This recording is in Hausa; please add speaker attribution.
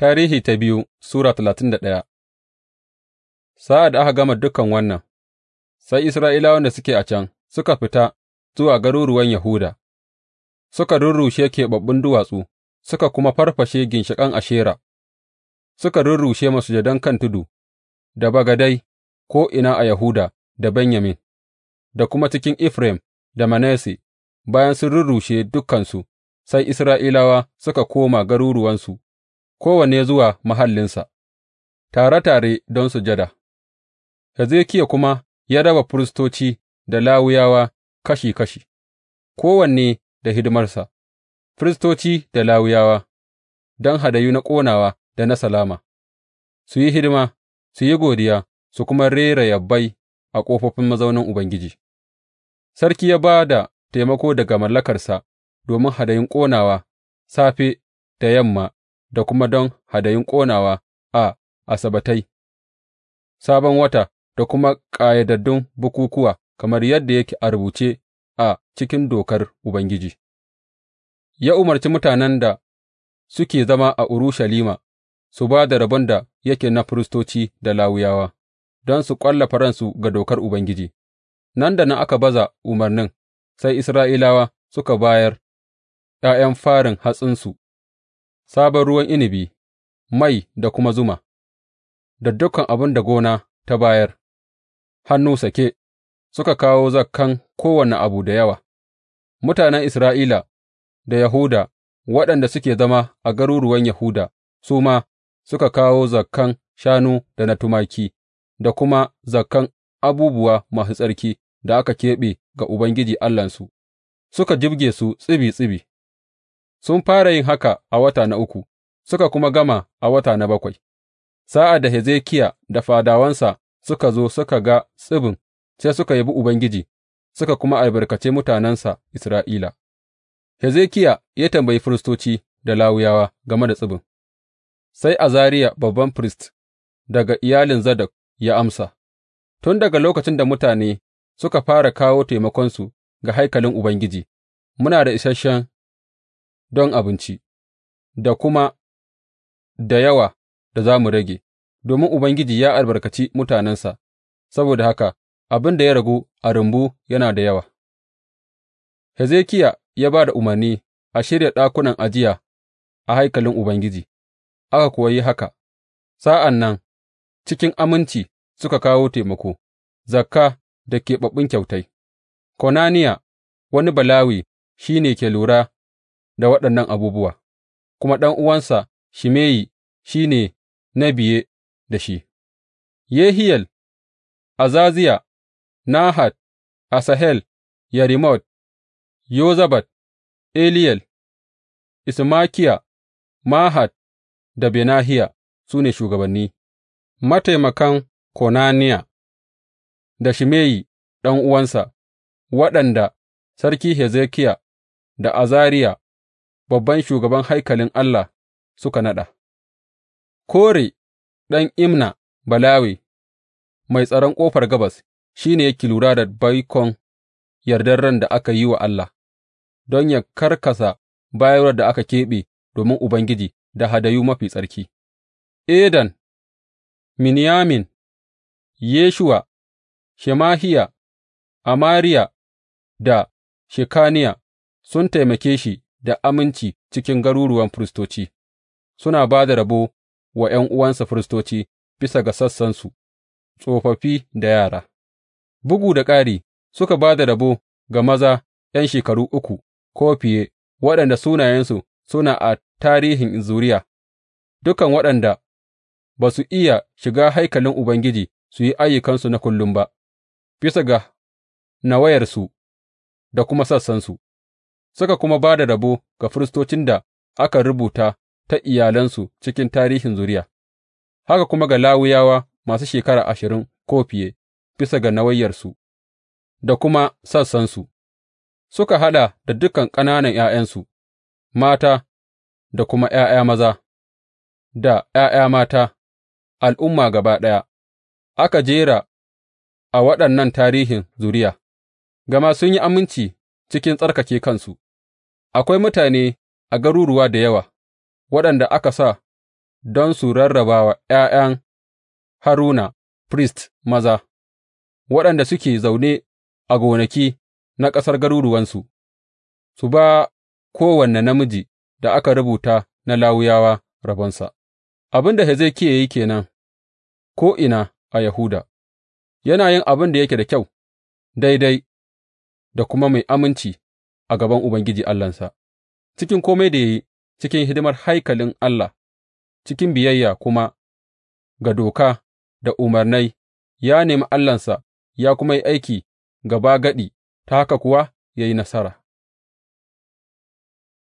Speaker 1: Tarihi ta biyu Sura talatin da ɗaya Sa'ad da aka gama dukan wannan, sai Isra'ilawan da suke a can suka fita zuwa garuruwan Yahuda, suka rurrushe keɓaɓɓun duwatsu, suka kuma farfashe ginshiƙan Ashera, suka rurrushe masujadan kan tudu, da bagadai ko'ina a Yahuda da Benyamin, da kuma cikin Efraim da Manasse, bayan sun rurrushe dukansu, sai Isra'ilawa suka koma garuruwansu. kowanne zuwa mahallinsa, tare tare don sujada, Hezekiya kuma ya raba firistoci da Lawiyawa kashi kashi, kowanne da hidimarsa, firistoci da Lawiyawa don hadayu na ƙonawa da na salama, su yi hidima, su yi godiya, su kuma rera yabai a ƙofofin mazaunin Ubangiji. Sarki ya ba da taimako daga mallakarsa domin hadayun ƙonawa safe da yamma da kuma don hadayun ƙonawa a Asabbatai, Sabon Wata da kuma ƙayyadaddun bukukuwa kamar yadda yake a rubuce a cikin dokar Ubangiji. Ya umarci mutanen da suke zama a Urushalima su ba da rabon da yake na firistoci da lawuyawa, don su ƙwalla faransu ga dokar Ubangiji, nan da nan aka baza umarnin, sai Isra'ilawa suka bayar ’ya'yan farin hatsinsu sabon ruwan inabi, mai da kuma zuma, da dukan abin da gona ta bayar, hannu sake, suka kawo zakan kowane abu da yawa, mutanen Isra'ila da Yahuda waɗanda suke zama a garuruwan Yahuda su ma suka kawo zakan shanu da na tumaki, da kuma zakan abubuwa masu tsarki da aka keɓe ga Ubangiji Allahnsu, suka jibge su tsibi tsibi. Sun fara yin haka a wata na uku, suka kuma gama a wata na bakwai, sa'ad da Hezekiya da fadawansa suka zo suka ga tsibin, sai suka yabi Ubangiji suka kuma albarkace mutanensa Isra'ila. Hezekiya ya tambayi firistoci da lawuyawa, game da tsibin, sai Azariya babban firist daga iyalin Zadok ya amsa, Tun daga lokacin da mutane suka fara kawo taimakonsu ga haikalin Ubangiji, muna da isasshen don abinci, da kuma da yawa da za mu rage, domin Ubangiji ya albarkaci mutanensa, saboda haka abin da ya ragu a rumbu yana da yawa. Hezekiya ya ba da umarni a shirya ɗakunan ajiya a haikalin Ubangiji, aka kuwa yi haka, sa'an nan cikin aminci suka kawo taimako, zakka da keɓaɓɓun kyautai. Konaniya, wani bala'wi shi ne ke lura da waɗannan abubuwa, kuma ɗan'uwansa Shimeyi shi ne na biye da shi, Yehiyel, Azaziya, Nahat, Asahel, Yerimot, Yozabat Eliyel, Ismakiya, Mahat da Benahiya su ne shugabanni, mataimakan Konaniya da Shimeyi ɗan'uwansa, waɗanda Sarki Hezekiya da Azariya babban shugaban haikalin Allah suka naɗa, Kore ɗan Imna Balawe, mai tsaron ƙofar gabas, shi ne yake lura da baikon yardar ran da aka yi wa Allah, don ya karkasa bayarwar da aka keɓe domin Ubangiji da hadayu mafi tsarki. Edan, Miniyamin, Yeshuwa, Shemahiya, Amariya da Shekaniya sun taimake shi da aminci cikin garuruwan firistoci, suna ba da rabo wa ’yan'uwansa firistoci bisa ga sassansu, tsofaffi da yara. Bugu da ƙari, suka ba da rabo ga maza ’yan shekaru uku ko fiye waɗanda sunayensu suna a tarihin zuriya, dukan waɗanda ba su iya shiga haikalin Ubangiji su yi ayyukansu na kullum ba, bisa ga nawayarsu da kuma sassansu. suka kuma ba da rabo ga firistocin da aka rubuta ta iyalansu cikin tarihin zuriya, haka kuma ga Lawiyawa masu shekara ashirin ko fiye bisa ga nawayyarsu da kuma sassansu, suka haɗa da dukan ƙananan ’ya'yansu, mata da kuma ’ya'ya maza, da ’ya'ya mata, al'umma gaba ɗaya, aka jera a waɗannan tarihin zuriya, gama sun yi aminci cikin tsarkake kansu, akwai mutane a garuruwa da yawa waɗanda aka sa don su rarraba wa ’ya'yan Haruna, firist maza, waɗanda suke zaune a gonaki na ƙasar garuruwansu, su ba kowane namiji da aka rubuta na lawuyawa rabonsa. Abin da Hezekiya ya yi ke ko'ina a Yahuda, yana yin abin da yake da kyau, daidai da kuma mai aminci a gaban Ubangiji Allahnsa, cikin kome da ya yi, cikin hidimar haikalin Allah, cikin biyayya kuma ga doka da umarnai, ya nemi Allahnsa ya kuma yi aiki gaba gadi ta haka kuwa ya yi nasara.